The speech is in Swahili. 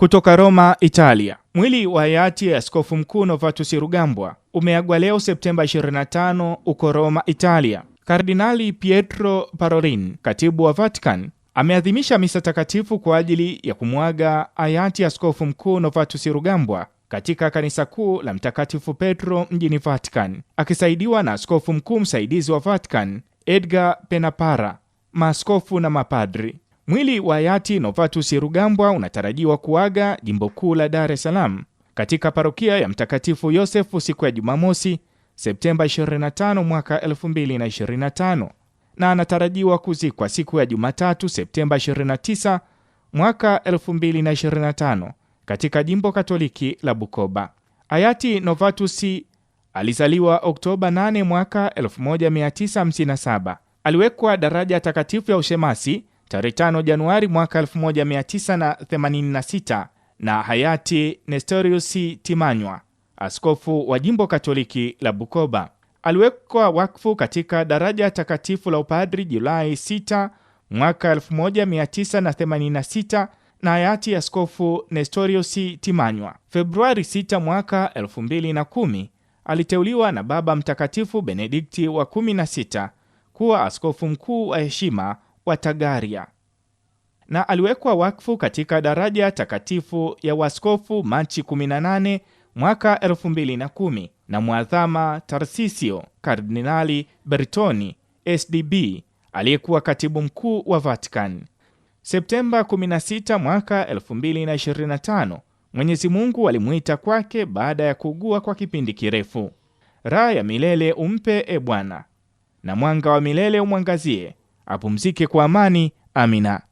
Kutoka Roma, Italia. Mwili wa hayati Askofu Mkuu Novatus Rugambwa umeagwa leo Septemba 25 uko Roma, Italia. Kardinali Pietro Parolin, katibu wa Vatican, ameadhimisha misa takatifu kwa ajili ya kumwaga hayati Askofu Mkuu Novatus Rugambwa katika kanisa kuu la Mtakatifu Petro mjini Vatican, akisaidiwa na askofu mkuu msaidizi wa Vatican Edgar Penapara, maaskofu na mapadri. Mwili wa hayati Novatus Rugambwa unatarajiwa kuaga jimbo kuu la Dar es Salaam katika parokia ya Mtakatifu Yosefu siku ya Jumamosi, Septemba 25 mwaka 2025 na anatarajiwa kuzikwa siku ya Jumatatu, Septemba 29 mwaka 2025 katika jimbo Katoliki la Bukoba. Hayati Novatus alizaliwa Oktoba 8 mwaka 1957. Aliwekwa daraja takatifu ya ushemasi tarehe 5 Januari mwaka 1986 na hayati Nestorius Timanywa, askofu wa jimbo Katoliki la Bukoba. Aliwekwa wakfu katika daraja takatifu la upadri Julai 6 mwaka 1986 na hayati askofu Nestorius Timanywa. Februari 6 mwaka 2010 aliteuliwa na Baba Mtakatifu Benedikti wa 16 kuwa askofu mkuu wa heshima wa Tagaria na aliwekwa wakfu katika daraja takatifu ya waskofu Machi 18 mwaka 2010 na mwadhama Tarsisio Kardinali Bertoni SDB aliyekuwa katibu mkuu wa Vatican. Septemba 16 mwaka 2025, Mwenyezi Mungu alimuita kwake baada ya kuugua kwa kipindi kirefu. Raha ya milele umpe, e Bwana, na mwanga wa milele umwangazie apumzike kwa amani. Amina.